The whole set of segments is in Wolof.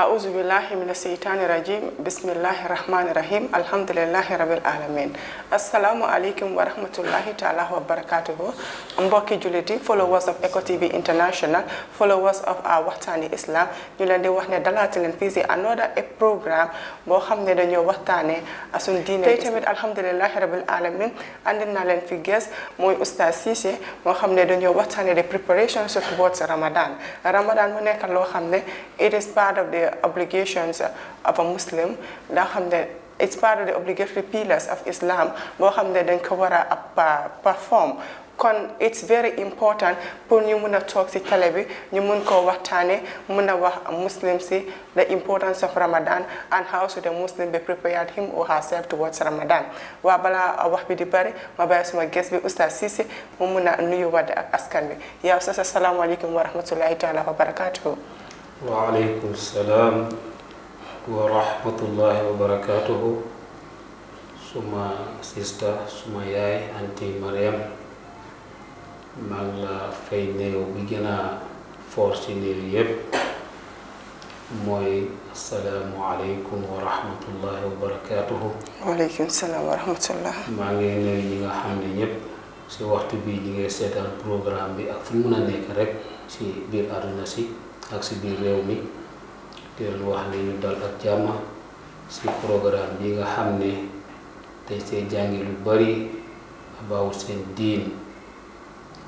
أعوذ بالله من الشيطان الرجيم بسم الله الرحمن الرحيم الحمد لله رب العالمين السلام عليكم ورحمة الله تعالى وبركاته mbokki jullit followers of Eco TV International followers of our waxtaani islam ñu دي وحنا wax ne another a program xam ne dañoo waxtaanee suñ diine tey tamit alhamdulillahi rabbil alamin andi naa leen fi gees mooy oustaz Ceesay moo xam ne preparation towards Ramadan Ramadan mu nekk loo it is part of the obligations of a Muslim it's part of the obligatory pillars of Islam boo xam ne dañ perform it's very important pour ñu mun a toog si télé bi ñu mun koo waxtaane mun the importance of Ramadan and how should the Muslim be prepared him or herself towards Ramadan waa balaa wax bi di ma bàyyi suma guest bi Oustaz Ceesay mu mun a nuyu waat ak askan bi wa rahmatullahi taala wa barakaatuhu waaleykum salaam wa rahmatullahi wa barakaatuhu suma sista suma yaay anti Mariam maa ngi la fay néew bi gën a foor ci néew yépp mooy asalaamualeykum wa wa barakaatuhu. wa rahmatullah. maa ngi nuyu ñi nga xam ne ñëpp waxtu bii ñi ngay seetaan programme bi ak fu mën a nekk rek ci biir àdduna si. ak ci biir rew mi di wax ni ñu dal ak si programme bi nga xam ne tey see lu bari abaw sen diin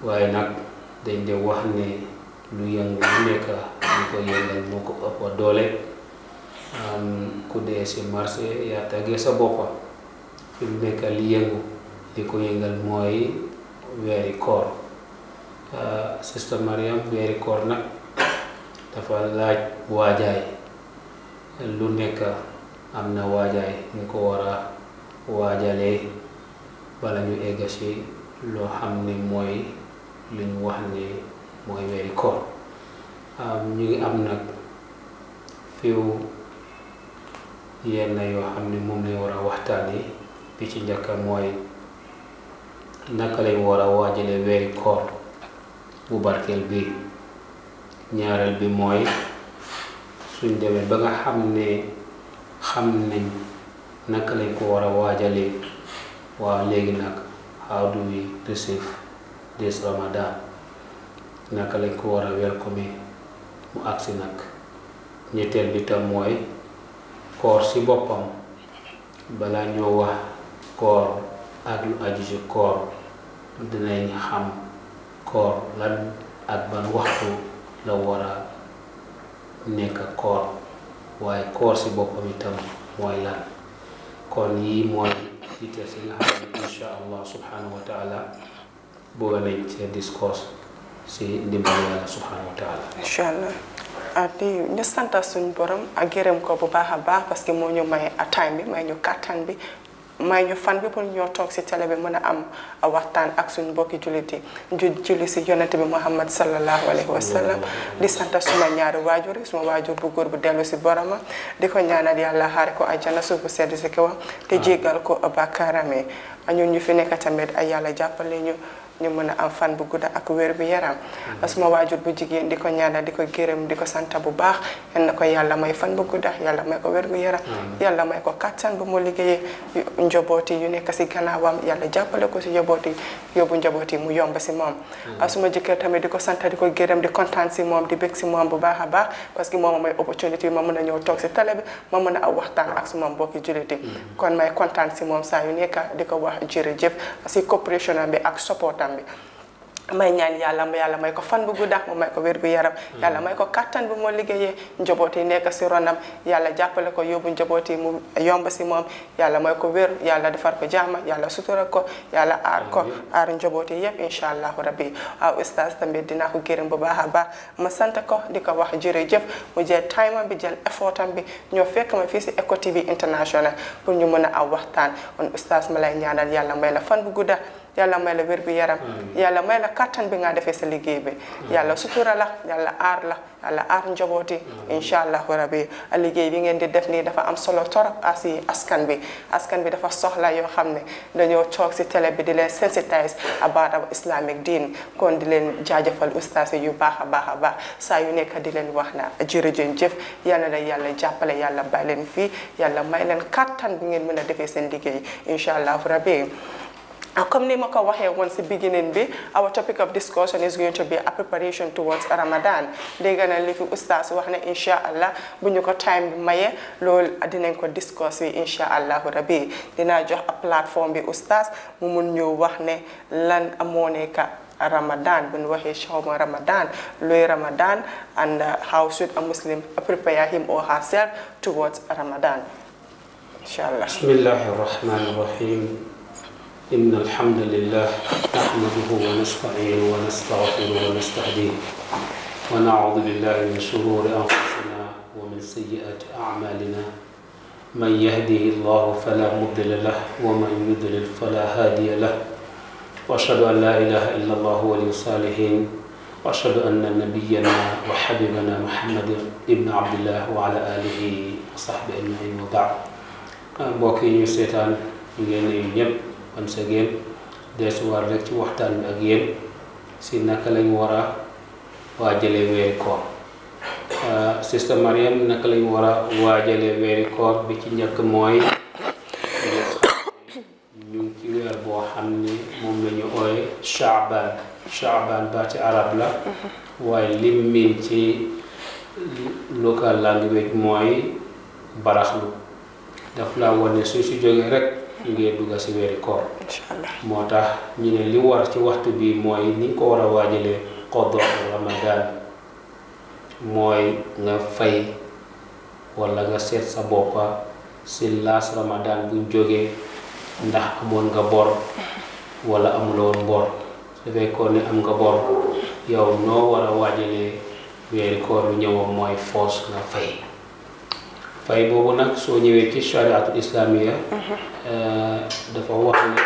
waye nak dañ de wax ne lu yëngu lu nek ñu ko yëngal lan moko ëpp doole ku dé ci marché ya tagé sa boppa fi nek li yëngu li ko yëngal moy wéri koor ah, sister mariam koor dafa laaj waajaay lu nekk am na waajaay ñu ko war a waajalee bala ñu egg si loo xam ni mooy li ñu wax ni mooy weeri koor ñu ngi am nag fiw yenn yoo xam ni moom lañ war a waxtaani bi ci njëkk mooy naka lañ war a waajalee weeri koor bu barkeel bi ñaareel bi mooy suñ demee ba nga xam ne xam nañ naka lañ ko war a waajalee waaw léegi nag how do we receive this Ramadan naka lañ ko war a welcome mu agsi nag ñetteel bi tam mooy koor si boppam balaa ñoo wax koor ak lu aju ci koor dinañ xam koor lan ak ban waxtu la war a nekk koor waaye koor si boppam itam mooy lan yii mooy yitte si nga xam insha allah subhanahu wa taala bëgg nañ see discours si ndimbal yàlla subhanahu wa insha allah ah tey ñu sant suñu borom ak gërëm ko bu baax a baax parce que moo ñu may time bi may ñu kàttan bi may ñu fan bi pour ñoo toog si télé bi mën a am waxtaan ak suñu mbokki jullit yi ju julli si yonent bi Muhammad sallallahu alayhi wa sallam di sant suma ñaari waajur yi suma waajur bu góor bu dellu si boroma di ko ñaanal yàlla xaare ko ajjana suuf bu sedd si kawam te jéggal ko bàkkaaram yi ñun ñu fi nekk tamit ay yàlla jàppale ñu ñu mën a am fan bu gudda ak weer bu yaram mm-hmm. suma waajur bu jigéen di ko ñaanal di ko gërëm di ko sant bu baax yal na ko yàlla may fan bu gudda yàlla may ko wér bu yaram yàlla may ko kattan bu mu liggéeyee njobooti yu nekk si gannaawam yàlla jàppale ko si njobooti yóbbu njobooti mu yomba si moom ah, suma jëkkër tamit di ko sant di ko gërëm di kontaan si moom di bég si moom bu baax a baax parce que moom may opportunité bi ma mën a ñëw toog si télé bi ma mën a waxtaan ak suma mbokki julliti mm-hmm. kon may kontaan si moom yu nekk di ko wax jërëjëf si coopération bi ak supportam yaram may ñaan yàlla yàlla may ko fan bu guddax mu may ko wér bu yaram yàlla may ko kattan bu moo liggéeyee njaboot yi nekk si ronam yàlla jàppale ko yóbbu njaboot yi mu yomb si moom yàlla may ko wér yàlla defar ko jaama yàlla sutura ko yàlla aar ko aar njaboot yi yëpp incha allahu rabbi waaw oustaz tamit dinaa ko gërëm bu baax a baax ma sant ko di ko wax jërëjëf mu jël time bi jël effort am bi ñoo fekk ma fii si bi TV international pour ñu mën a aw waxtaan kon oustaz ma yàlla may la fan bu guddax yàlla may la wér bi yaram yàlla may la kattan bi nga defee sa liggéey bi yàlla sutura la yàlla aar la yàlla aar njobooti incha allahu rabi liggéey bi ngeen di def nii dafa am solo torop asi askan bi askan bi dafa soxla yoo xam ne dañoo toog si télé bi di leen sensitise about our islamic diin kon di leen jaajëfal ustaas yu baax a baax a baax saa yu nekk di leen wax na jërëjën jëf yàlla la yàlla jàppale yàlla bàyyi leen fii yàlla may leen kattan bi ngeen mën a defee seen liggéey incha allahu Comme ni ma ko waxee woon beginning our topic of discussion is going to be a preparation towards Ramadan dégg na li fi oustaz wax ne incha allah bu ñu ko time bi maye loolu dinañ ko discuss bi incha allahu rabi dinaa jox a plateforme bi oustaz mu mun ñëw wax ne lan amoo nekka Ramadan bu ñu waxee Ramadan luy Ramadan and uh, how should a Muslim prepare him or herself towards Ramadan incha allah. bismillahi rahmaani rahim. إن الحمد لله نحمده ونستعين ونستغفر ونستهديه ونعوذ بالله من شرور أنفسنا ومن سيئات أعمالنا من يهده الله فلا مضل له ومن يضلل فلا هادي له وأشهد أن لا إله إلا الله ولي الصالحين وأشهد أن نبينا وحبيبنا محمد ابن عبد الله وعلى آله وصحبه أجمعين وبعد mbokk yi ñu seetaan kon sa gem des war rek ci waxtan ak yeen si naka lañ wara wajale waajale weeri koor sister mariam naka lañ wara wajale waajale weeri koor bi ci njëkk mooy ñu ci weer bo xamni mom lañu oy sha'ban sha'ban ba ci arab la way lim min ci local language mooy baraxlu daf la wone su ci joge rek ngay duga dugg si weeri koor motax ñu né li war ci waxtu bi moy ni ko wara a qodo ramadan moy nga fay wala nga seet sa bopa ci laas ramadan bu joggé ndax amon nga bor wala won bor su ko ne am nga bor yow no wara a wéri weeri koor lu ñëwam fos nga fay fay boobu nag soo ñëwee ci chariatul islamiya dafa wax ne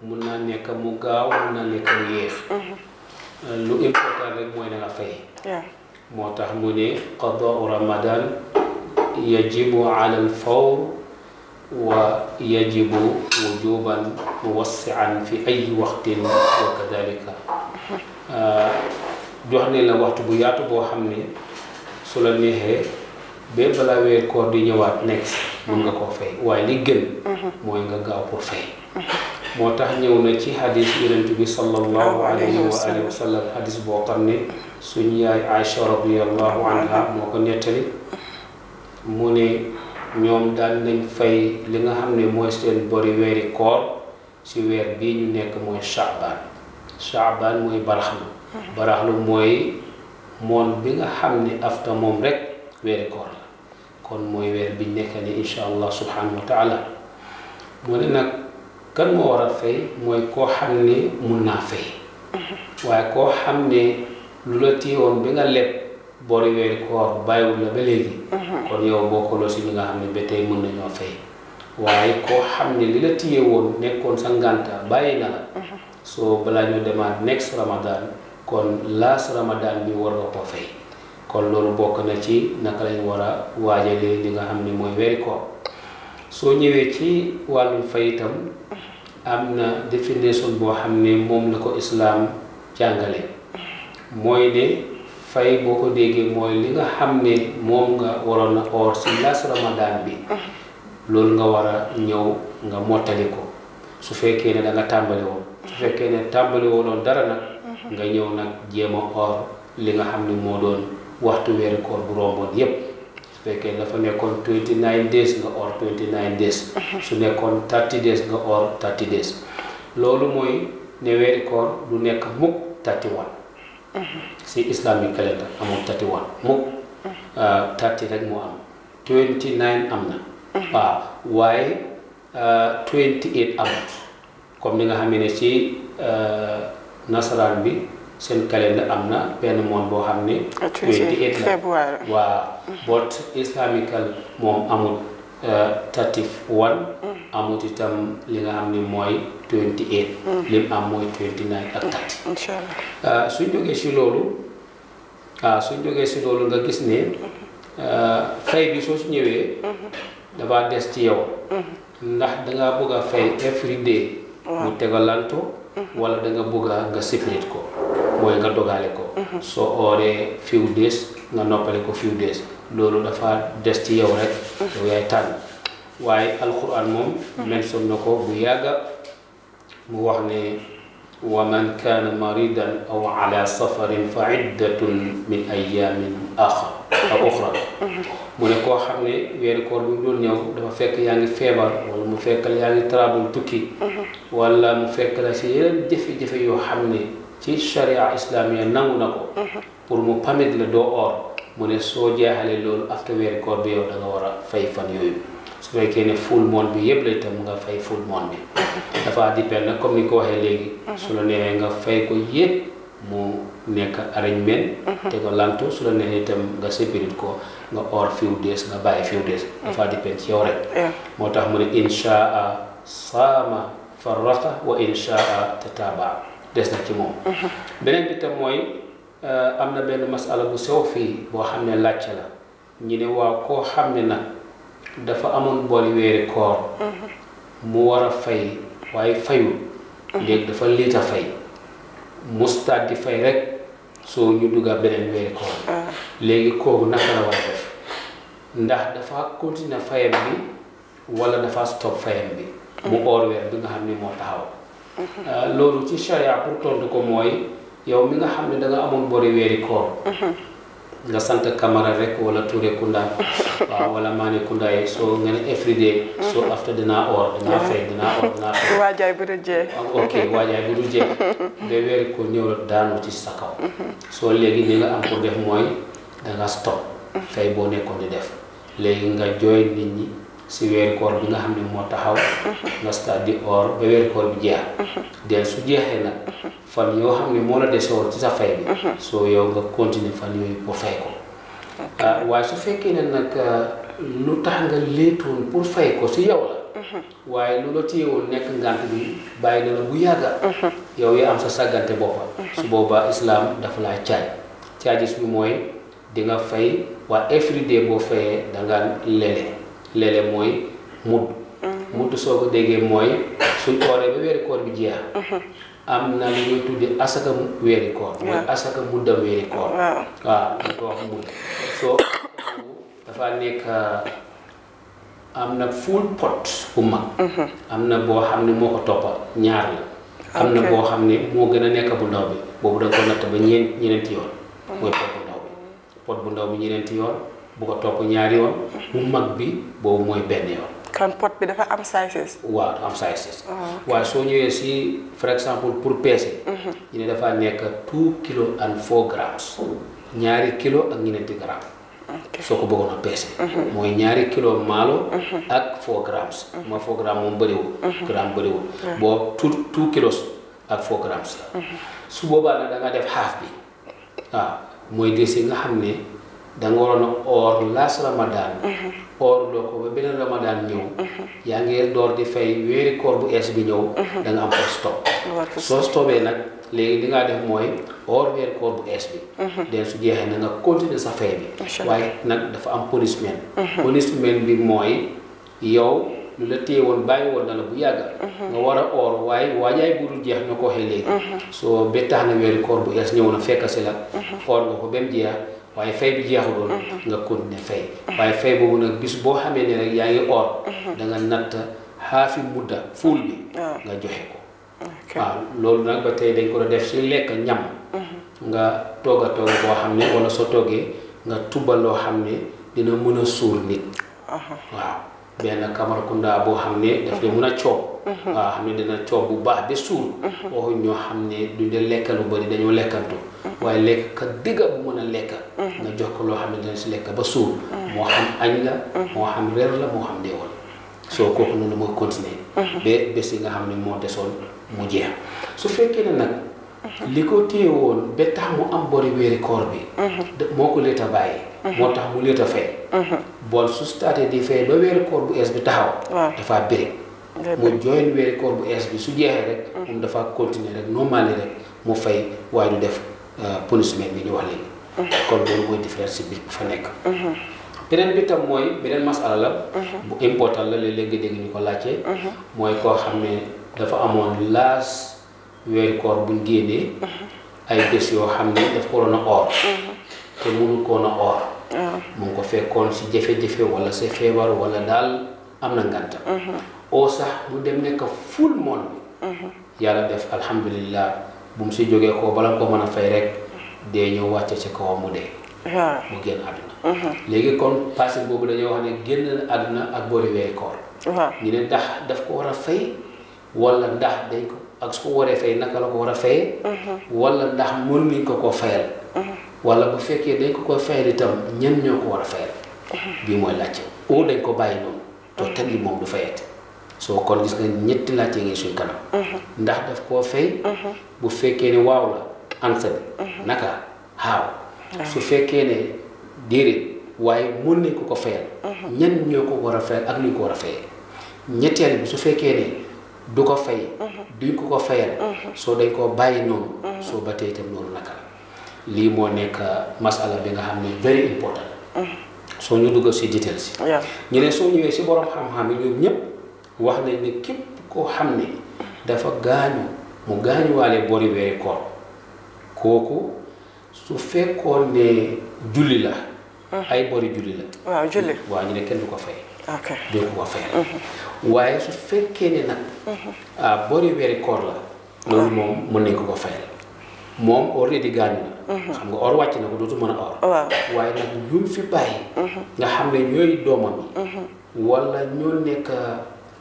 mun naa nekk mu gaaw mun naa nekk mu yéex lu important rek mooy na nga fay moo tax mu ne qadaau ramadan yajibu ala al fawr wa yajibu wujuban muwassian fi ay waxtin wa kadalika jox ne la waxtu bu yaatu boo xam ne su la neexee bé bala weer koor di ñëwaat next mën mhm. nga ko fay waaye li gën mhm. mooy nga gaaw pour fay mhm. moo tax ñëw na ci hadis yonent bi sallallahu alayhi wa alihi wa sallam hadis boo xam ne suñ yaay aïcha radiallahu anha moo ko nettali mu ne ñoom daan nañ fay li nga xam ne mooy seen bori weeri koor si weer bii ñu nekk mooy chaabaan chaabaan mooy baraxlu baraxlu mooy moon bi nga xam ne afta moom rek weeri koor kon mooy weer biñ nekk ni incha allah subhanahu wa taala ne nag kan moo war a fay mooy koo xam ne mun naa fay waaye koo xam ne lu la woon bi nga lekk bori weeri koor bàyyiwul la ba léegi kon yow bokkaloo si ñi nga xam ne ba tey mën nañoo fay waaye koo xam ne li la téye woon nekkoon sa ngànta bàyyi na la soo balaa ñu demaat next ramadan kon last ramadan bi war nga koo fay kon loolu bokk na ci naka lañ war a waajalee li nga xam ne mooy weeri ko soo ñëwee ci wàllu fay itam am na définition boo xam ne moom la ko islaam jàngale mooy de fay boo ko déggee mooy li nga xam ne moom nga waroon a oor si las ramadan bi loolu nga war a ñëw nga mottali ko su fekkee ne da nga tàmbali woon su fekkee ne tàmbali woon dara nag nga ñëw nag jéem oor li nga xam ne moo doon waxtu weeru koor bu romboon yépp su fekkee dafa nekkoon 29 days nga or 29 days uh-huh. su nekkoon 30 days nga or 30 days loolu mooy ne weeri koor du nekk mukk 31 uh-huh. si islamic calendar amul 31 mukk 30 uh-huh. ah, rek moo am 29 am na waaw ah, waaye 28 ah, am comme ni nga xam ne ci nasaraan bi sen calendar amna ben benn bo xamné xam ne. 28 la waaw but islamical moom amul 31 amut itam li nga xamné moy 28 lim am moy 29 ak 30. inshallah euh suñu joggé ci lolu ah suñu joggé ci lolu nga gis ne mm-hmm. eh, fay bi so si ñëwé dafa des ci yow. Mm-hmm. ndax da nga bëgg fay every day. mu tegalanto mm-hmm. wala da nga bëgg nga séparate ko. moy nga dogale ko so oré few days nga noppale ko few days lolu dafa dess ci yow rek yow yay tan waye alquran mom mention son nako bu yaga mu wax ne wa man kaana maridan aw ala safarin fa iddatun min ayamin axar ak uxra mu ne koo xam ne weeri koor bi mu doon ñëw dafa fekk yaa ngi feebar wala mu fekk la yaa ngi travel tukki wala mu fekk la si yeneen jëfe-jëfe yoo xam ne ti sharia islamia nanguna ko pour mo pamidla do or mu ne soo jeexalee loolu after weeri koor bi yow da nga war a fay fan yooyu su fekkee ne full moon bi yëpp la itam nga fay full moon bi dafa dépend nag comme ni ko waxee léegi su la neexee nga fay ko yëpp mu nekk arrangement te ko lantu su la neexee itam nga séparit ko nga or few days nga bàyyi few days dafa dépend ci yow rek moo tax mu ne inshaa saama farraka wa inshaa tataaba des na ci moom mhm. beneen bi tam mooy euh, am na benn masala bu sew fii boo xam ne laajte la ñu ne waaw koo xam ne nag dafa amoon mbool weeri koor mhm. mu war a fay waaye fayul mhm. léegi dafa liita fay mustaat di fay rek soo ñu dugga beneen weeri koor ah. léegi kooku naka la war a def ndax dafa continuer fayam bi wala dafa stop fayam bi mu oor weer bi nga xam ne moo taxaw Eh, loolu ci charia pour tont ko mooy yow mi nga xam ne da nga amoon bori weeri koor mhm. nga sant camara rek wala touré kunda waaw wala maani kunda yi soo nga ne effridé mhm. soo afta dinaa or dinaa fay dinaa or dinaa fay waajaay bu dul jee ah, ok waajaay bu dul jee ba weer ko ñëw daanu ci sa kaw mhm. soo léegi li nga am pour def mooy da nga stop fay boo nekkoon di def léegi nga jooy nit ñi si weeru bi nga xam ne moo taxaw mm-hmm. ngasta di or ba weeru bi jeex mm-hmm. del su jeexee nag mm-hmm. fan yoo xam ne moo la desoon ci sa fay bi soo yow nga continuer fan yooyu pour fay ko ah, waaye su fekkee ne nag ah, lu tax nga léetoon pour fay ko si yow la waaye lu la woon nekk ngant bi bàyyi na bu yàgga yow yaa am sa sàggante boppam su boobaa islam dafa laa caaj caajis bi mooy di nga fay waa everyday boo fayee da nga léeg mooy mudd mm-hmm. mudd soo ko déggee mooy suñ kooree ba weeri koor bi jeex mm-hmm. am na lu ñuy tuddee asaka weeri koor mooy asaka muddam weeri koor waaw ñu ko wax dafa nekk uh, na full mag mm-hmm. am na boo xam ne moo ko toppa ñaar la am na boo xam ne moo gën a nekk bu ndaw bi boobu da ko natt ba ñeen ñeneenti yoon mooy pot bu ndaw bi pot bu ndaw bi ñeneenti yoon bu ko topp ñaari yoon bu mag bi boobu mooy benn yoon. kon pot bi dafa am sizes. waaw am sizes. Ah, waaye soo ñëwee si par exemple pour peese. Mhm. ñu ne dafa nekk two kilos and four grammes. ñaari kilo ak ñeenti grammes. soo ko bëggoon a peese. Mhm. mooy ñaari kilo maalo. Mhm. ak four grammes. ma four grammes moom bëriwul. gramme bëriwul. boo two kilos ak four grammes la. su boobaa nag def half bi waaw mooy dese nga xam ne. da nga waroon a or laas Ramadan. Mhm. or loo ko ba beneen Ramadan ñëw. Mhm. yaa ngi door di fay wéeri koor bu ees bi ñëw. Mhm. da nga am stop. soo stopee nag léegi li ngaa def mooy or wéeri koor bu ees bi. den su jeexee na nga continuer sa fay bi. waaye nag dafa am punishment. punishment bi mooy yow. lu la téye woon bàyyi woon na bu yàgga nga war a oor waaye waajaay bu dul jeex ñu ko waxee léegi. soo ba tax na weeri koor bu ees ñëw na fekk si la. oor nga ko ba mu jeex. waaye fay bi jeexuloon mm-hmm. nga continuer fay waaye fay boobu nag bis boo xamee ne rek yaa ngi oor mm-hmm. da natt xaafi mudda fuul bi nga joxe ko waaw loolu nag ba tey dañ ko def si lekk ñam mm-hmm. nga toog a toog boo xam ne wala soo toogee nga tubal loo xam ne dina mën a suur nit uh-huh. waaw benn Camara Kunda boo xam ne daf de mën a coob waaw xam ne dina coow bu baax ba suur waxuñ ñoo xam ne duñ de lekka lu bëri dañoo lekkantu waaye lekk ka dëgga bu mën a lekk nga jox ko loo xam ne dina si lekk ba suur moo xam añ la moo xam reer la moo xam deewal soo ko noonu mooy continuer ba bés yi nga xam ne moo desoon mu jeex su fekkee ne nag li ko téye woon ba tax mu am bori wéeri koor bi moo ko leeta bàyyi moo tax mu leeta fay bon su starté di fay ba wéeri koor bu ees bi taxaw dafaa bëri mooy jooylu weeri koor bu ees bi su jeexee rek. Mm-hmm. moom dafa continuer rek rek mu fay waaye du def euh, punishment bi ñu wax léegi. Mm-hmm. kon bi bu fa nekk. Mm-hmm. beneen bi tam mooy beneen masala la. bu important la léeg-léeg nga ko laajte. mooy koo xam ne dafa amoon laas weeri koor buñ génnee. ay bés yoo xam ne daf ko waroon a or. te mënul koon a or. Ah. mu ko fekkoon si jafe-jafe wala sa feebar wala daal am na nganta. oo sax mu dem nekk full moon bi mhm. yàlla def alhamdulilah bu mu si jógee koo bala ko mën a fay rek dee ñëw wàcce ci kawam mu dee mu génn àdduna mhm. léegi kon passé boobu dañoo wax ne génn àdduna ak boori weeri koor ñu daf ko war a fay wala ndax dañ ko ak su ko waree fay naka la ko war a fayee mhm. wala ndax mën nañ ko ko fayal wala bu fekkee dañ ko ko fayal itam ñen ñoo ko war a fayal bii mooy laajte oo dañ ko bàyyi noonu to teg moom du fayet soo kon gis nga ñetti laajte ngay suñ kanam. Mhm. ndax daf koo fay. Mhm. bu fekkee ne waaw la ansa bi mhm. naka xaaw su fekkee ne déedéet waaye mën nañ ko ko fayal. ñan ñoo ko war a fayal ak luñ ko war ñetteel bi su fekkee ne. du ko fay duñ ko ko fayal soo dañ koo bàyyi noonu soo ba tey itam noonu naka la lii moo nekk masala bi nga xam ne very important soo ñu dugg si details si ñu ne soo ñëwee si borom xam-xam yi ñëpp wax nañ ne képp koo xam ne dafa gaañu mu gaañuwaale bori weeri koor kooku su fekkoon ne julli la mm-hmm. ay bori julli la waaw julli waaw ñu ne kenn du ko fay du ko ko fayal mm-hmm. waaye su fekkee ne nag mm-hmm. ah bori la loolu moom mën nañ ko ko fayal moom already gaañu na xam nga or wàcc na ko dootu mën a or waaye nag ñu fi bàyyi nga xam ne ñooy doomam yi wala ñoo nekk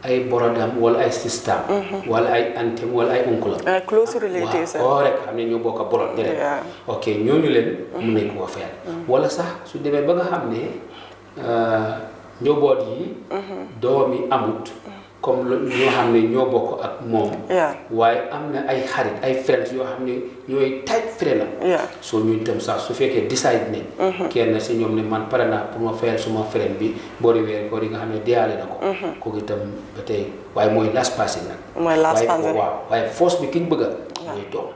ay borodam wala ay system. Mhm. wala ay antem wala ay oncle. Ah, close relatives. Ah. waaw rek xam ne ñoo bokk a borod. waaw ok ñooñu leen. mun nañ koo fayal. Mhm. wala sax su demee ba nga xam ne euh, njaboot yi. Mhm. doom amut. comme ñoo xam ne ñoo bokk ak moom. waaye am na ay xarit ay friends yoo xam ne ñooy tight friend la. soo ñuy tam sax su fekkee decide nañ. Mm-hmm. kenn si ñoom ne man pare naa pour ma fayal suma friend bi boori weer koor yi nga xam ne deyaale na ko. Mm-hmm. kooku itam ba tey waaye mooy last passing nag. mooy last passing waaye force bi ki ñu bëgg a. mooy doom.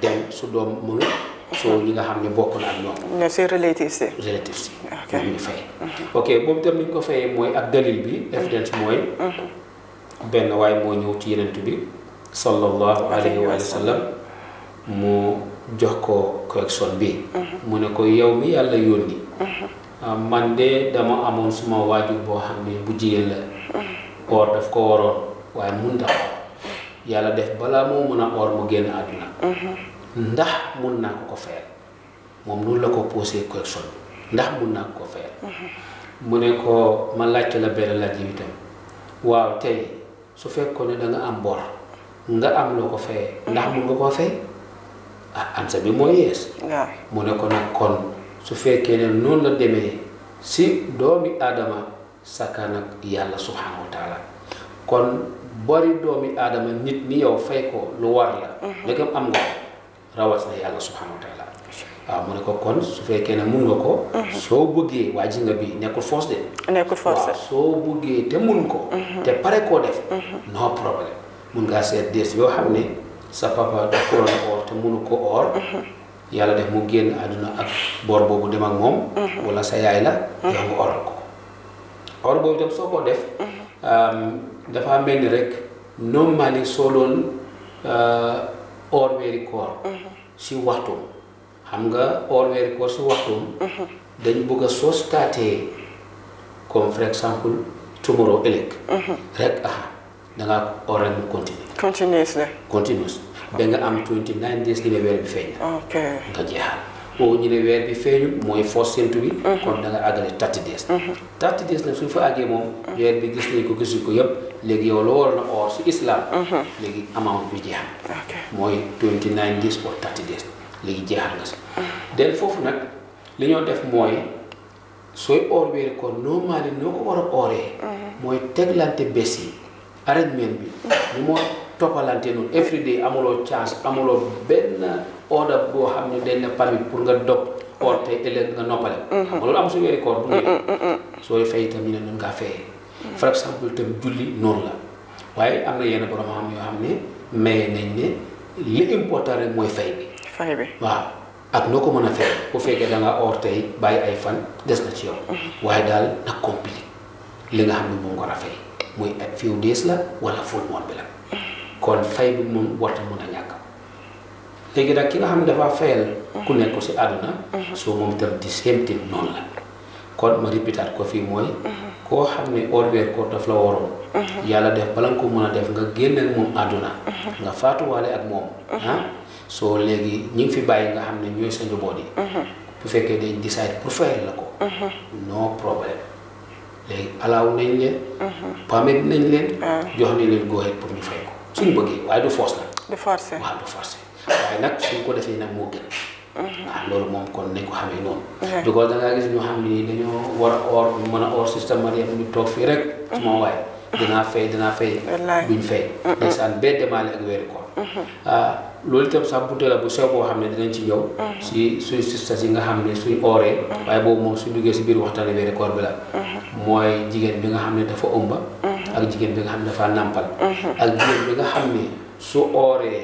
dem su doom mënul. soo li nga xam ne bokk na ak ñoom. mais c'est relatif si. relatif si. ok ñu fay. Mhm. ok boobu itam ko fayee mooy ak dalil bi. Mhm. evidence mooy. Mhm. benn waaye moo ñëw ci bi. sallallahu alayhi wa sallam mu jox ko correction bi. mu ne ko yow mi yàlla yónni. Ah, man de dama amoon suma waajur boo xam ne bu jigéen la. daf ko waroon waaye mun tax yàlla def balaa moo mën a or mu génn àdduna. ndax mun naa ko ko fayal moom loolu la ko posé question bi ndax mun naa ko ko fayal mm-hmm. mu ne ko ma laajte la benn laaj yi itam waaw tey su fekkoon ne da nga am bor nga am loo ko fayee ndax mun nga koo fay ah ansa bi mooy yees mu ne ko nag kon su fekkee ne loolu la demee si doomi aadama sakka nag yàlla subhanahu wa kon bori doomi aadama nit ni yow fay ko lu war la mm-hmm. ndegam am nga rawat na yalla subhanahu wa taala ah, mo ne ko kon su fekke ne mun nga ko so waji nga bi nekkul force de nekkul force so soo te mun ko mhm. te pare ko def mhm. no problem. mun nga seet des yo xam ne sa papa da ko or te mun mhm. ko or yalla def mu genn aduna ak bor bobu dem ak mom wala sa yaay la yow ko or ko or bobu dem soo ko def dafa melni rek normally or weeri koor mm-hmm. si waxtu xam nga or weeri si waxtu mm-hmm. dañ bëgg a soo staatee comme par exemple tomorrow ëllëg mm-hmm. rek aha danga or rek mu continue ba nga am 29 days li bi feeñ na nga jeexal o ñu ne weer bi feeñu mooy foos séntu bi mhm. kon da nga àggale tatti dees tatti dees nag suñ fa àggee moom weer bi gis nañ ko gisuñ ko yëpp léegi yow la waroon a or si islam mhm. léegi amount bi jeexal mooy twenty nine days or tatti dees léegi jeexal nga mhm. foofu nag li ñoo def mooy sooy or weeri kon normal noo ko war a ooree mooy teglante bés yi arrangement bi ñu moo toppalante noonu everyday amuloo chance amuloo benn order boo xam ne dañ ne permit pour nga dog koor te ëllëg nga noppale mhm. mhm, mhm, fay itam ñu ne noonu ngaa fayee par exemple itam julli la am na yenn borom xam ne maye nañ ne li important rek mooy fay bi fay bi waaw ak noo ko mën a fay bu fekkee da nga or bàyyi ay fan des na ci yow waaye daal nag compli li nga xam ne moom a fay muy few days la wala full moon bi la kon fay bi moom warta mën a ñàkk léegi nag ki nga xam ne dafa fayal ku mm-hmm. nekk si àdduna mm-hmm. soo moom itam di seemtin noonu la kon ma répétaat ko fii mooy mm-hmm. koo xam ne or ko daf la waroon yàlla def bala nga ko mën a def nga génn ak moom àdduna nga faatuwaale ak moom ah soo léegi ñi ngi fi bàyyi nga xam ne ñooy sa njaboot yi bu fekkee dañ décide pour fayal la ko non problème léegi alaaw nañ leen permet nañ leen ah. jox ni leen góoyet pour ñu fay ko suñu bëggee waaye du force nag. du forcer waaye nag suñ ko defee nag moo gën. Mhm. waaw loolu moom kon nañ ko xamee noonu. du ko da ngaa gis ñu xam ni dañoo war a or ñu mën a or système Mariam ñu toog fii rek. moom waaye dinaa fay dinaa fay. duñ fay. Mhm. ndeysaan bee demaale ak weeru koor. Mhm. Ah, loolu itam sax bunte bu sew boo xam ne dinañ ci ñëw. si suñ sa yi nga xam ne suñ ooree. waaye boobu moom suñ duggee si biir waxtaanee weeru koor bi la. mooy jigéen bi nga xam ne dafa ëmba. ak jigéen bi nga xam ne dafa nàmpal mm-hmm. ak jigéen bi nga xam ne su ooree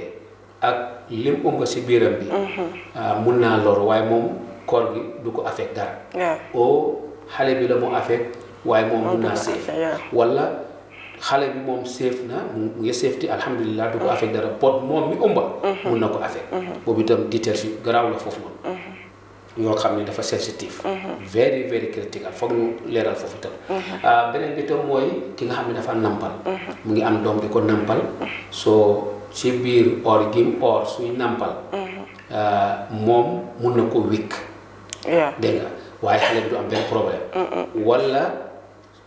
ak lim ëmb si biiram bi mm-hmm. ah, mun naa loru waaye moom koor gi du ko affect dara oo oh, xale bi la mu affect waaye moom mun naa seef wala xale bi moom seef na mu ngi seefti alhamdulilah du ko mm-hmm. affect dara pot moom mi ëmba mun na ko affect boobu itam details yu garaaw la foofu noonu yoo xam ne dafa sensitive mhm. very very critical foog ñu leeral foofu itam mhm. ah, beneen bi itam ki nga xam ne dafa nampal mhm. mu ngi am doom di ko nampal soo ci biir or gim or suy nampal ah, moom mun na ko wikk dégg waaye xale bi du am benn problème wala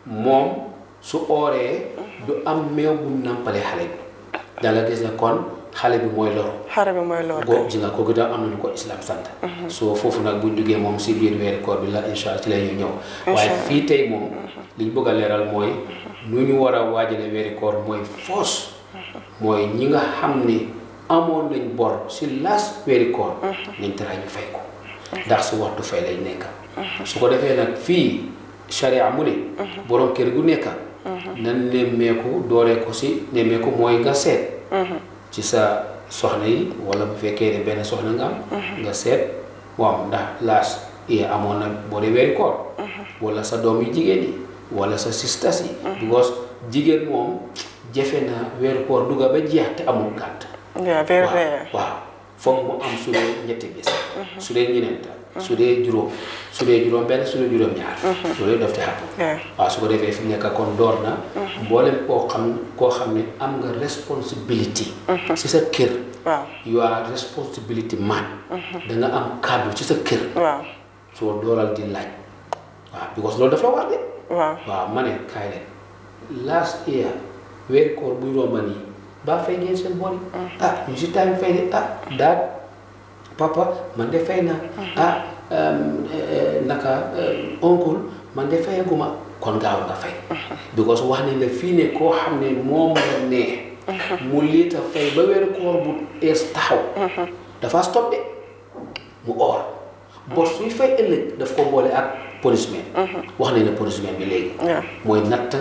moom su ooree mm-hmm. du am meew bu nampale xale bi danga gis ne kon xale bi mooy loru. xale bi mooy ji nga kooku daal am nañu ko islam sant. Mhm. soo foofu nag buñ duggee moom si biir weeri koor bi la incha ci la ñuy ñëw. waaye fii tey moom. Mhm. liñ ñu a leeral mooy. Mhm. nu ñu war a waajalee weeri mooy foos. mooy ñi nga xam ni amoon nañ bor si laas weeri koor. nañ tara ñu fay ko. ndax su waxtu fay lay nekk. su ko defee nag fii charia mu ne. borom kër gu nekk. nan nemmeeku doole ko si nemmeeku mooy nga seet. ci sa soxla yi wala bu fekkee ne benn soxna nga am. Mhm. nga seet waaw ndax laas yi amoon na boo dee weeri koor. Mhm. sa doom yu jigéen yi wala sa sistas yi. Mhm. because jigéen moom jafe na weeri dugga ba jeex te amul gàtt. waaw waaw foog mu am su dee ñetti bés. su dee ñeneenta sudah dee sudah su dee sudah benn su sudah juróom ñaar loolu daf ci xapp waaw su ko defee fi mu nekk kon door na xam am nga responsibility uh-huh. si sa kër you are responsibility man uh-huh. da nga am kàddu ci sa kër waaw soo di laaj ah, waaw because loolu dafa war de waaw waaw ma last year weer koor buy romba nii baa fay ngeen uh-huh. seen bool ah ñu time fay ah daal papa man de fay na ah eh, eh, naka eh, oncle man de fayaguma kon gaaw nga fay because wax nañ la fii ne koo xam ne moom la nee mu liita fay ba weeru koor bu ees taxaw dafa stop mu oor bor suy fay ëllëg daf ko boole ak punishment wax nañ ne punishment bi léegi mooy natt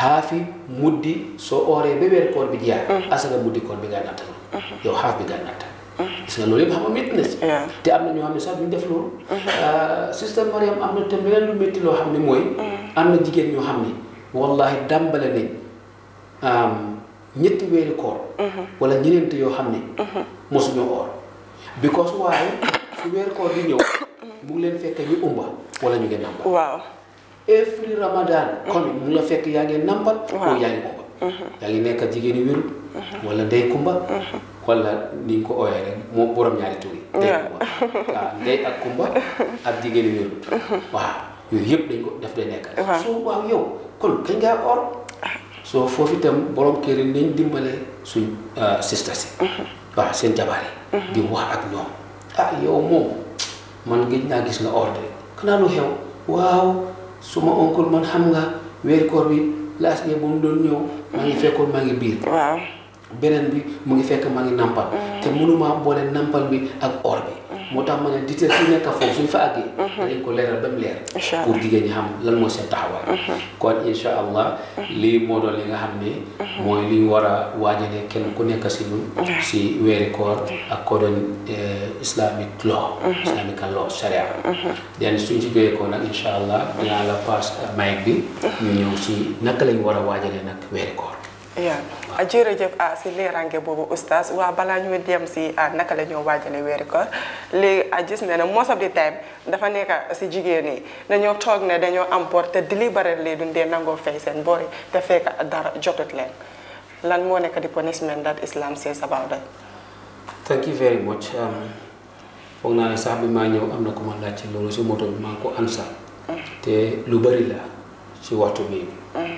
xaafi muddi soo ooree ba weeru koor bi jaar mm-hmm. asaka muddi koor bi nga natt mm-hmm. yow xaaf bi nga natt gis nga loolu yëpp xam nga métti na si. te am na ñoo xam ne sax duñ def loolu. Mhm. Euh, système Mariam am na tam leneen lu métti loo xam ne mooy. Mhm. am na jigéen ñoo xam ne wallahi dàmbale nañ ñetti weeri koor. Mhm. wala ñeneent yoo xam ne. mosuñu oor. because waaye su weeri koor di ñëw. mu ngi leen fekk ñu umba wala ñu ngi nàmpal. waaw every Ramadan. kon mu la fekk yaa ngi nàmpal. waaw yaa ngi umba. yaa ngi nekk jigéen yu wéru. wala ndey kumba. wala ni nga ko ooyee rek moom borom ñaari tur yi. ak kumba ak jigéen yu waaw yooyu yëpp dañ ko def day nekk. waaw soo waaw yow kon kañ ngaa or. soo foofu itam borom kër yi nañ dimbale suñ ah, sista si. Mhm. waaw seen jabar yi. Mhm. di wax ak ñoom. ah yow moom man gëj naa gis nga or de xanaa xew waaw suma oncle man xam nga weer koor bi laas ngeen ba mu doon ñëw. maa ngi mhm. fekkoon maa ngi biir. waaw. benen bi mu ngi fekk ma ngi nampal. Mm. te mënumaa boole nampal bi ak or bi. Mm. motax ma ne dite fi nekk foofu suñ fa àggee. Mm-hmm. dañ ko leeral ba mu leer. pour jigéen ñi xam lan seen taxawaay. Mm-hmm. kon allah. Mm-hmm. lii li nga xam ne. mooy li war a waajalee kenn ku nekk si ñun. si weeri koor ak ko doon eh, islamic law. islamic law sharia. den suñ ci jógee ko nag allah dinaa la passe mic bi. ñu ñëw si naka lañ war a waajalee nag weeri koor. waaw ah, jërëjëf ah si leerange boobu oustaz waa balaa ñuy dem si ah, naka la ñoo waajale weeri koor léegi a ah, gis na ne most of the time dafa nekk si jigéen yi dañoo toog ne dañoo am bor te deliberately duñ dee nangoo fay seen bor yi te fekk dara jotut leen lan moo nekk di punishment that Islam says about that. thank you very much um, foog naa ne sax bi maa ñëw am na ku ma laajte loolu si moto bi maa ngi ko ansa mm. te lu bari la si waxtu bi mm.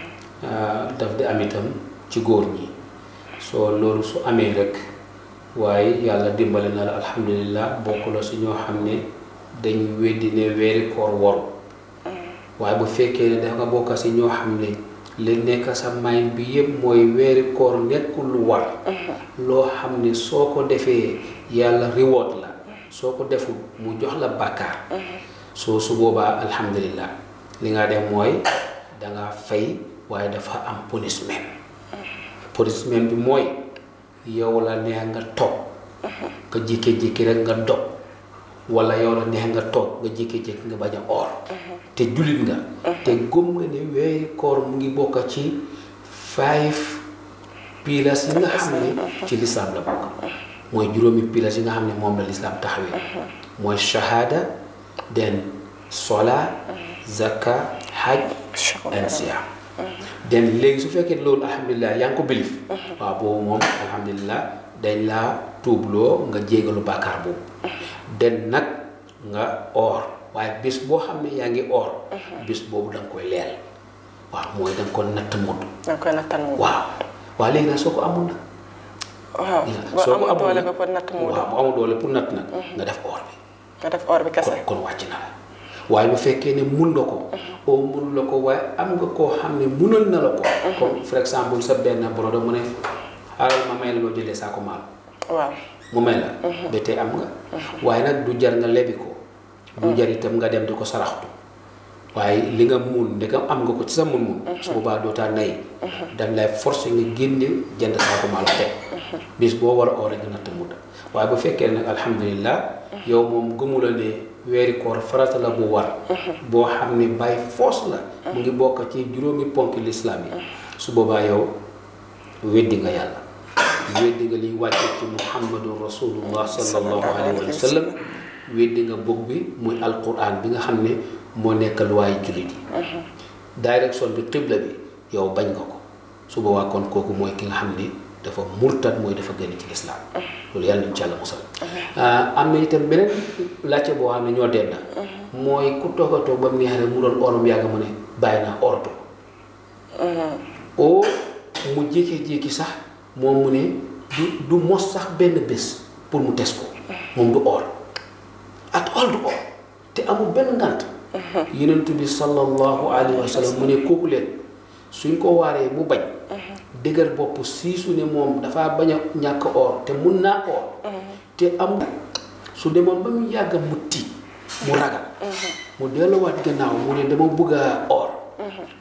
daf di am itam. ci góor ñi soo loolu su amee rek waaye yàlla dimbali na la alhamdulilah bokk la su ñoo xam ne dañ weddi weeri koor waru waaye bu fekkee ne dafa si ñoo xam ne li nekk sa mayn bi yëpp mooy weeri koor nekkul lu loo xam ne soo ko defee yàlla reward la soo ko deful mu jox la bàkkaar soo su boobaa alhamdulilah li nga def mooy danga fay waaye dafa am punishment policeman bi moy yow la neex nga tok ke jike jike rek nga dok wala yow la neex nga tok nga jike jike nga baña or te julit nga te gëm nga ne wey koor mu ngi ci five pillars yi nga xamne ci l'islam la bokk moy juromi pillars yi nga xamne mom la l'islam taxawé moy shahada den sola zakat haj and dem uh-huh. léegi su fekke loolu alhamdullilah yang ko bilif wa uh-huh. bo mom alhamdullilah dañ la tublo nga jéegalu bakar bo den uh-huh. nak nga or waye bis bo xam yaangi or bis bo bu dang koy leel wa moy dang ko nat mudd dang koy nattal mudd wa wa léegi na soko ko amul nag wa ko amul dole ko nat natt wa bu amul dole pour nat nak nga def or bi nga def or bi kasse kon wacc na la waaye bu fekke ne mun ko uh-huh. o mun la ko waaye am nga ko xamne ne na la ko uh-huh. comme for example sa ben brodo mu ne alal ma may la loo jëlee saako mal waaw mu may la uh-huh. ba am nga waaye nak du jar nga lebi ko du jar itam nga dem diko saraxtu waaye li nga mun nga am nga ko ci sa mun mun su do ta nay dañ lay force nga génne jënd mal te bis bo war o rek na tamut mut bu fekke nak alhamdulillah yow mom weeri koor farata la bu war mhm. boo xam ne bàyyi force la mu ngi mhm. bokk ci juróomi ponk lislaam yi mhm. su boobaa yow weddi nga yàlla weddi nga liy wàcce ci muhammadu rasulullah sallallahu alayhi wa sallam weddi nga bokk bi muy alquran bi nga xam ne moo nekk luwaayu jullit yi direction bi xibla bi yow bañ nga ko su boobaa kon kooku mooy ki nga xam ne dafa murtad moy dafa génn ci islam eh. lolu yalla ñu ci yalla musal euh eh. ah, amé itam benen laccé bo xam ne ñoo dend eh. mooy ku toog bam toog ba mu mu doon orom yaaga mu né bayina mu jéké jéki sax mu né du du mos sax benn bés pour mu ko du or at all du or te amu benn ngant yonent bi sallallahu alaihi wasallam mu né kooku suñ ko waré mu bañ dëgër bopp siisu ne mom dafa baña ñak or te mën na or te mhm. am su demon bam yag muti mu ragal mu delu wat gannaaw mu ne dama bëgg or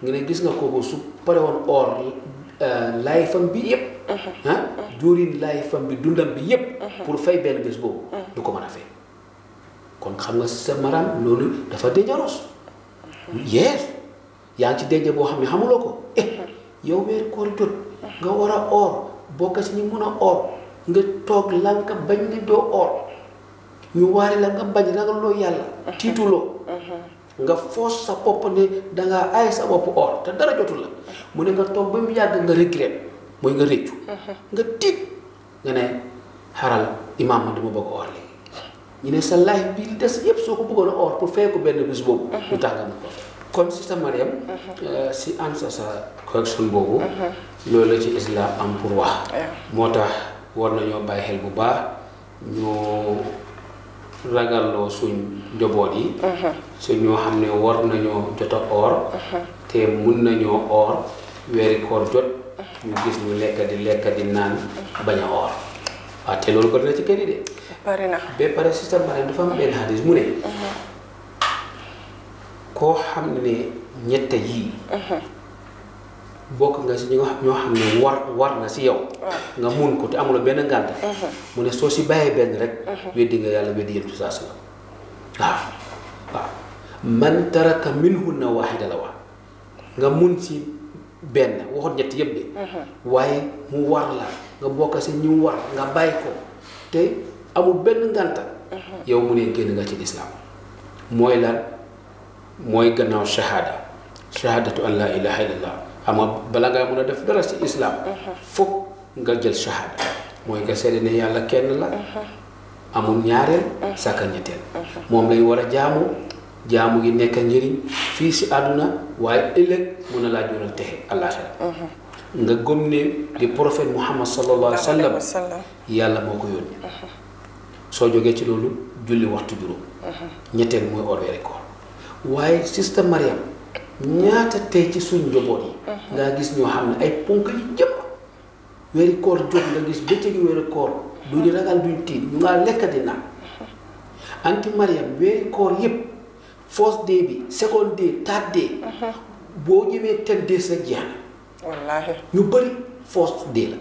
nga ne gis nga kooku su pare won or eh, life fam bi yep mhm. ha jurin laay fam bi dundam bi yëpp mhm. pour fay benn bes bo du ko mëna fay kon xam nga sa maram lolu dafa dangereux yes ya ci denc bo xamni xamuloko ko eh yow weer ko jot nga war a oor bokk si ñu mun a oor nga toog la nga bañ ne doo oor ñu waare la nga bañ ragaloo yàlla tiituloo mhm. nga foos sa bopp ne dangaa aay sa bopp oor te dara jotul la mu ne nga toog ba mu yàgg nga nga réccu mhm. nga tiit nga ne xaral imaam ma dama bëgg oor léegi ñu ne sa laay bi li des yëpp soo ko bëggoon a oor pour fay ko benn bis boobu mhm. lu tax ko kon si sa Mariam euh, si ansa sa correction boobu loolu la ci islam am pour wax moo tax war nañoo bàyyi xel bu baax ñu ragalloo suñ njaboot yi uh-huh. suñoo xam ne war nañoo jot a oor uh-huh. te mun nañoo oor weeri koor jot uh-huh. ñu gis ñu lekk di lekk di naan bañ a oor waaw te loolu ko dina ci kër yi de bari na ba pare système bari dafa am benn hadis mu ne koo xam ne ñett yii bok nga ci ñi nga ñoo war war na ci yow nga mun ko te amul ben ngant uh-huh. mu ne so si baye ben rek weddi nga yalla weddi yéen saa su waaw man taraka minhunna waxida la wax nga mun ci ben waxon ñet yëpp de waye mu war la nga bok ci ñu war nga baye ko te amul ben ngant uh-huh. yow mu ne génn nga ci islam moy lan moy gannaaw shahada shahadatu an la ilaha illallah xam nga bala ngaa mën a def dara si islam. Uh-huh. foog nga jël shahada mooy nga seede ne yàlla kenn la. Uh-huh. amul ñaareel. Uh-huh. sàkka ñetteel. moom lay war a jaamu jaamu ngi nekk njëriñ fii si àdduna waaye ëllëg mun na laa jural texe àllaaxira nga gëm ne di prophète Muhammad sallallahu wa sallam yàlla moo ko yónni. soo jógee ci loolu julli waxtu juróom. ñetteel mooy or weeri waaye sista Mariam. ñaata tey ci suñ njaboot yi. Mhm. ngaa gis ñoo xam ne ay ponk yi jëpp weeri koor jot nga gis bëccëgi weeri koor duñu ragal duñ tiit ñu ngaa lekk di naan mhm. anti mariam weeri koor yëpp first day bi second day third day mhm. boo ñëwee ten day sa jeex na wallaahi ñu bëri first day la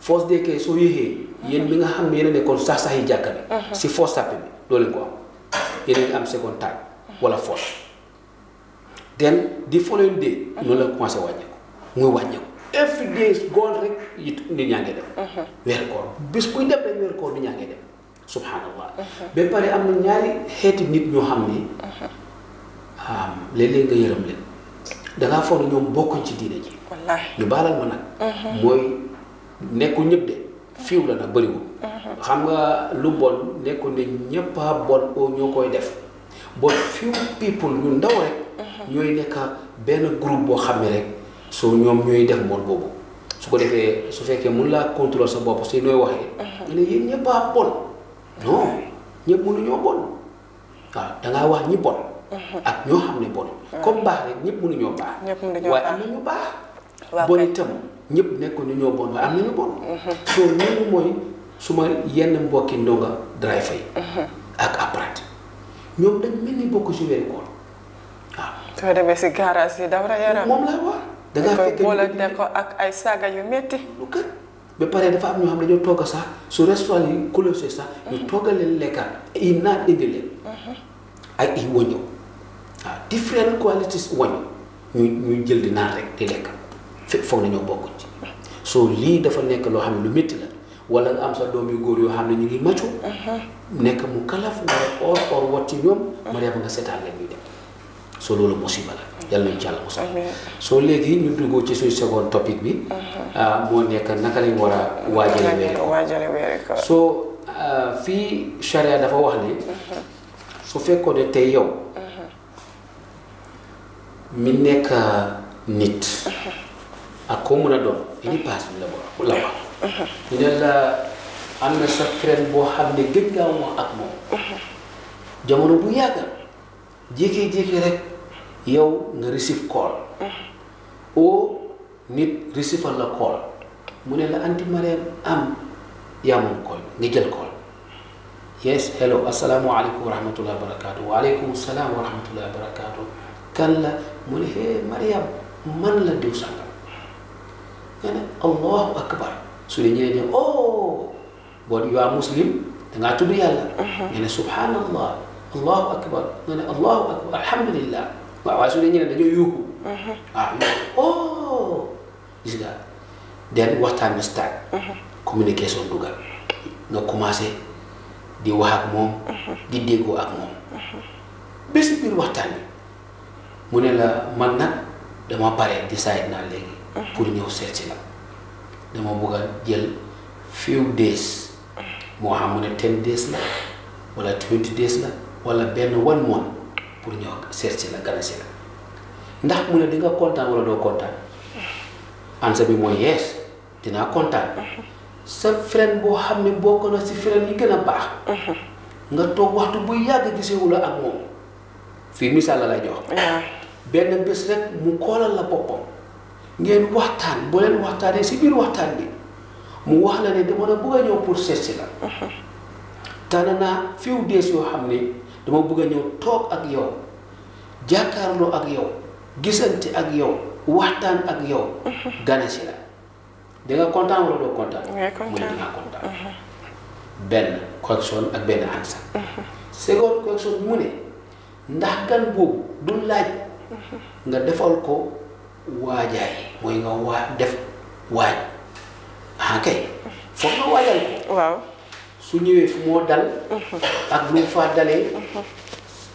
first day kay soo yéexee yéen bi nga xam ne yéen a nekkoon sax-sax yi jàkka bi si first sàpp bi doo leen ko am yéen ngi am second time wala first then di following day. Uh-huh. noonu la commencé wàññeeku muy wàññeeku. every day goon rek it nit ñaa dem. Uh-huh. weeru koor bis buy dem rek weeru koor nit dem subhanallah. Uh-huh. ba pare am na ñaari xeeti nit ñoo xam ni. léeg-léeg nga yërëm leen da ngaa ñoom bokkuñ ci diine ji. wallaahi ñu baalal ma nag. mooy nekkul ñëpp de fiiw la nag bëriwul. xam nga lu bon nekkul ne ñëpp a bon ñoo koy def bon few people ñu ndaw rek. ñooy nekk benn groupe boo xam ne rek soo ñoom ñooy def mode boobu su ko defee su fekkee mun laa contrôle sa bopp si nooy waxee. Uh-huh. nga ne yéen ñëpp bon non ñëpp mënuñoo bon waaw da ngaa wax ñi bon. Uh-huh. ak ñoo xam ne bon. Uh-huh. baax rek ñëpp mënuñoo baax. ñëpp mënuñoo baax waaye am na ñu baax. waaw bon itam ñëpp nekkoon ñoo bon waaye am na ñu bon. soo ñooñu mooy suma yenn mbokki ndonga dara fay. ak apprenti ñoom dañ mel ni bokk si weeru soo demee si garage yi daw na yaram. moom laa wax. da ngaa fekk boolante ko ak ay saaga yu metti lu kër ba pare dafa am ñoo xam ne dañoo togg sax su restaurant yi closé sax ñu mhm. toggal leen lekkaat yi naat mhm. ak i wëññoo waaw ah, different qualities wëññoo ñu ñu jël di naan rek di lekk foog nañoo bokk ci soo lii dafa nekk loo xam ne lu métti la wala nga am sa doom yu góor yoo xam ne ñu ngi maccu mhm. nekk mu kalaf nga or or wat ci ñoom. ma dem nga seetaan leen ñuy dem. Ah, so loolu musiba la yalla ñu jall yàlla musal soo léegi ñu duggoo ci suñu second topic bi mo nek naka lay wara a wéré ko so fi sharia dafa wax ni su fekkoon ne yow mi nek nit ak ko mu a do ini pass bi la la wax ñu ne la am na sa friend bo xamne ne gëj ak mo jamono bu yaga jékki-jékki rek yow nga receive call. Mm-hmm. oo nit receive la call mu ne la anti Mariam am yaa moom call nga jël call. yes hello asalaamualeykum wa rahmatulah wa barakaatu kan la mu ne hey Mariam man la diw sangam nga akbar su dee ñeneen ñoom oh bon you are muslim dangaa tudd yàlla. Mm-hmm. nga ne subhanallah akbar nga ne allahu akbar waaw waaye su dee ñeneen dañoo yuuxu. waaw yuuxu oh uh-huh. gis nga den waxtaan bi start. communication dugal nga commencé di wax uh-huh. ak moom. di déggoo ak moom. bés waxtaan bi mu ne la man nag dama pare decide naa léegi. Uh-huh. pour ñëw seet la dama bëgg jël few days moo xam mu ne ten days la wala twenty days la wala benn one month. pour ñëw seet la gana la ndax mu ne di nga kontaan wala doo kontaan ansa bi moy yes dina sa friend bo xam ne na si friend yi gëna bax nga tok waxtu bu yàgg gisewu la ak mom fi misal la lay jox ya. ben bes rek mu koolal la boppam ngeen waxtaan bo len waxtaanee ci bir waxtaan bi mu wax la né dama ya. na bëgg pour la tanana few yo xamné dama bëgg a ñëw toog ak yow jàkkaarloo ak yow gisante ak yow waxtaan ak yow. Mhm. gane si la da nga kontaan doo kontaan. mu ne dinaa benn correction ak benn ansa. Mhm. seconde correction mu ne ndax gan boobu du laaj. Mhm. nga defal ko waajaay mooy nga waa def waaj ah kay foog nga waajal waaw. su ñëwee fi moo dal. Mhm. ak lu mu faa dalee. Mhm.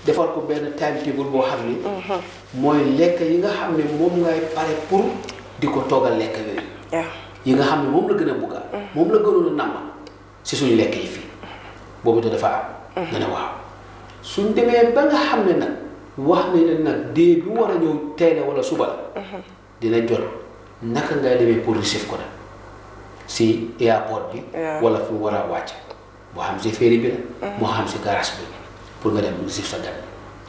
defal ko benn timetable boo xam ni. Mhm. mooy lekk yi nga xam ne moom ngay pare pour di ko toogal lekk yi nga xam ne moom la gën a bugg moom la gënoon a namm si suñu lekk yi fii boobu te dafa am. nga ne waaw suñ demee ba nga xam ne nag wax nañ ne nag dee lu war a ñëw tey la wala suba la. dina jot naka ngay demee pour receive ko nag si airport bi. wala fu war a wàcc. bo xam ci féri bi la eh. moo xam ci garage bi pour nga dem sif sa gan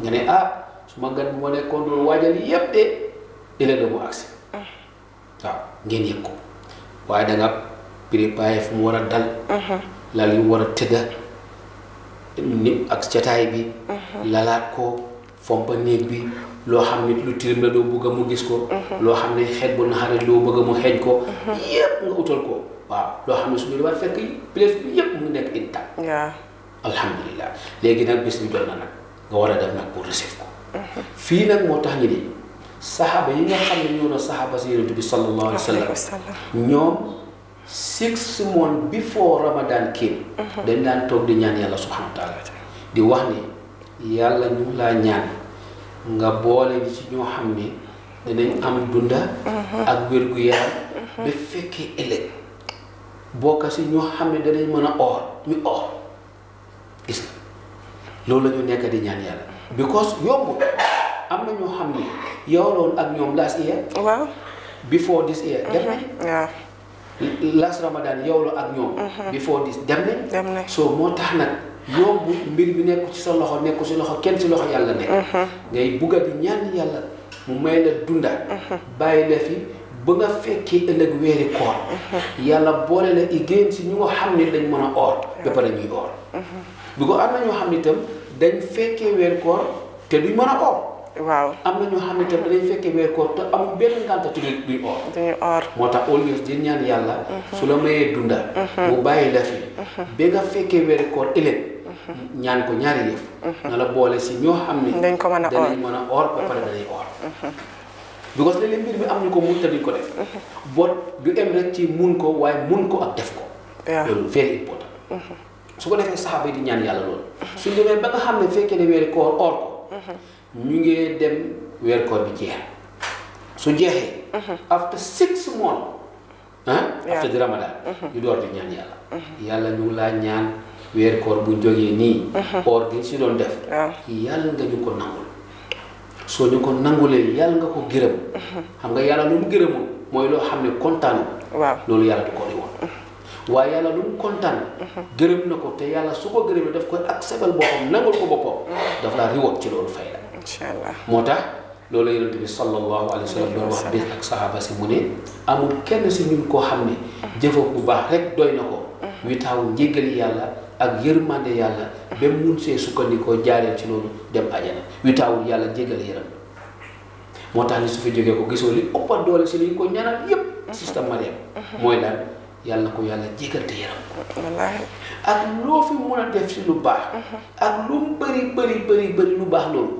nga né ah suma gan bu né ko do wajal yépp eh. dé di la doomu axé wa ngeen yékk waye da nga préparé fu mo wara dal la yu wara a ni ak ciataay bi la ko fompa eh. neeg bi loo xam ne lu tirim la doo bëgg mu gis ko loo xam ne xeet bu naxare loo bëgg mu xeeñ ko yépp nga utal ko waaw loo xam ne war fekk place bi yépp mu nekk Alhamdulillah. alhamdulilah léegi bis bi na nga def pour ko six months before ramadan came dañ mhm. daan toog di ñaan yàlla subhanahu wa taala di wax ni yàlla ñu ñaan nga boole ñi ci am dunda mhm. ak mhm. si ñoo xam ne danañ ñu oh gis nga loolu la nekk di ñaan yàlla. because yombul am na ñoo xam ne yow loolu ak ñoom last year. waaw before this year. dem nañ mm-hmm. last Ramadan yow la ak ñoom. Mm-hmm. before this dem nañ. dem nañ soo moo tax nag. yombu mbir bi nekku ci sa loxo nekku ci loxo kenn ci loxo yàlla nekk mm-hmm. ngay bugga di ñaan yàlla mu may la dunda bàyyi la fi ba nga fekkee ëllëg weeri koor yàlla boole la igéen si ñu nga xam ne dañ mën a oor ba pare ñuy oor bi ne itam dañ fekkee weer koor te duñ mën a oor am na ñoo xam ne itam danañ fekkee weer koor te amul benn moo tax always di ñaan yàlla mhm. su la mayee dunda mhm. mu bàyyi la fi mhm. ba nga fekkee weeri koor ko ñaari yëf na la boole si ñoo xam ne dañ ko mën a oor danañ a oor ba pare oor because léeg-léeg mbir mi am ñu ko mun ko def mhm. bon du em rek ci mun ko waaye mun ko ak def ko very important mhm. su ko defee saxaaba di ñaan yàlla loolu mhm. suñ demee ba nga xam ne fekkee ne koor or ko ñu ngi dem weer koor bi jeex su after six months ah, after the ramadan ñu door di ñaan yàlla yàlla ñu laa ñaan weer koor bu jógee nii or gi si doon def yàlla nga ñu ko nangu soo ñu ko nangulee yàlla nga ko gërëm. Mhm. xam nga yàlla lu mu gërëmul mooy loo xam ne kontaan waaw loolu yàlla du ko woon mhm. waaye yàlla lu mu kontaan. Mhm. gërëm na ko te yàlla su ko gërëmee daf koy acceptal boppam nangul ko boppam. daf laa riwoon ci loolu fay la. allah moo tax loolu yonent bi sallallahu alayhi wa sallam doon wax bis ak saxaaba si mu ne amul kenn si ñun koo xam ne. jëfoo bu baax rek doy na ko. witaaw njéggali yàlla. ak yërmande yàlla ba mun see sukkandikoo jaaree ci loolu dem ajana witaawul yàlla jégal yaram moo tax li su fi jógee ko gisoo li ëppa doole si liñ ko ñaanal yépp système Mariam mooy daal yàlla ko yàlla jégal te yaram si lu baax lu mu lu baax loolu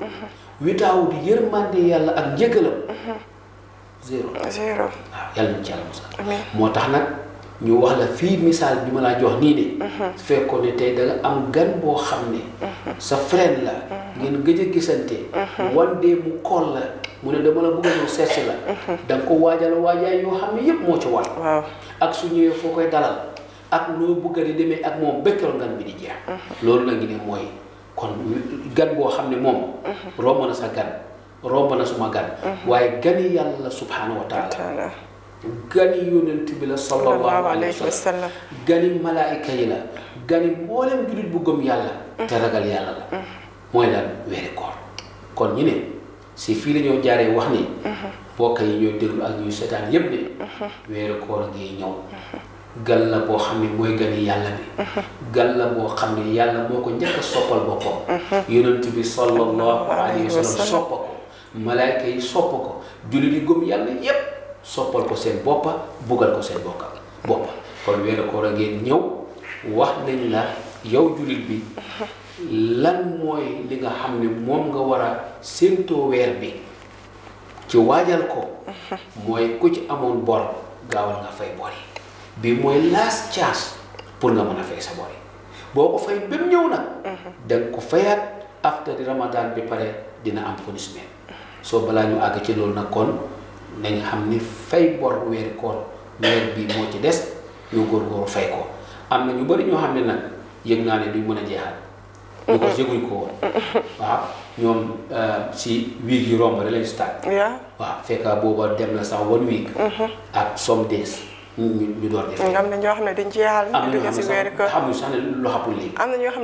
witaawul yërmande yàlla moo tax nag ñu wax la fii misaal bi ma laa jox nii de. Mhm. su fekkoon ne tey da nga am gan boo xam ne. Mhm. sa friend la. Mhm. ngeen gëj a gisante. one day mu call la mu ne dama la bëgg a ñëw la. da nga ko waajal waajaay yoo xam ne yëpp moo ci war. ak su ñëwee foo koy dalal ak loo bëgg a demee ak moom bëkkaloon gan bi di jeex. loolu la ngi mooy kon gan boo xam ne moom. romb na sa gan romb na suma gan. waaye gani yàlla subhaanahu wa gani yónent bi la sallallahu alayhi wa sallam gani malaayika yi la gani mboolem jullit bu gëm yàlla mm-hmm. te ragal yàlla la mm-hmm. mooy lan weeri koor kon ñu ne si fii la ñoo jaaree wax ni mm-hmm. mbokk yi ñoo déglu ak ñuy seetaan yépp ne weeri koor ngi ñëw gan la boo xam ne mooy gani yàlla bi gan la boo xam ne yàlla moo ko njëkk a soppal boppam yónent bi sallallahu alayhi wa sallam sopp ko malaayika yi sopp ko jullit yi gëm yàlla yépp soppal ko seen boppa bugal ko seen bokka boppa kon wéeru ko a ngeen ñëw wax nañ la yow julit bi lan mooy li nga xam ne moom nga war a séntoo weer bi ci waajal ko mooy ku ci amoon bor gaawal nga fay bor yi bi mooy last chance pour nga mën a fay sa bor yi boo ko fay ba ñëw nag ko fayaat after di ramadan bi pare dina am punishment so balaa ñu àgg ci loolu nag kon nañ xam ni fay bor weeri koor weer bii moo ci des ñoo góorgóoru fay ko am na ñu bari ñoo xam ne nag yëg naa ne duñ mën a jeexal. ñu ko yëguñ ko woon. waaw ñoom euh, si week yi romb rek lañu start. waaw fekk booba dem na sax one week. Mm-hmm. ak some days. ñu ñu door def. am na ñoo xam ne dañ am na ñoo xam ne sax xamuñ sax ne lu am na ñoo xam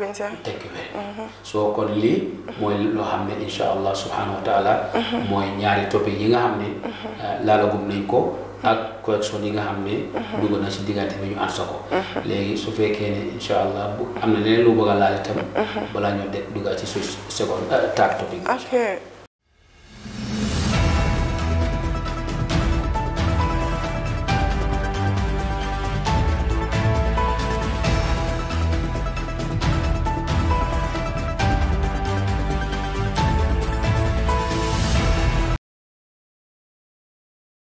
ne soo kon lii. mooy loo xam ne incha allah subhanahu wa taala. Mhm. mooy ñaari toppe yi nga xam ne. Mhm. Euh, laalagum nañ ko. Mhm. ak collection yi nga xam ne. dugg na si diggante bi ñu ànd ko. léegi su fekkee ne incha allah bu am na leneen lu bëgg a laal itam. balaa ñoo dugg ci suuf seconde euh, taag topic.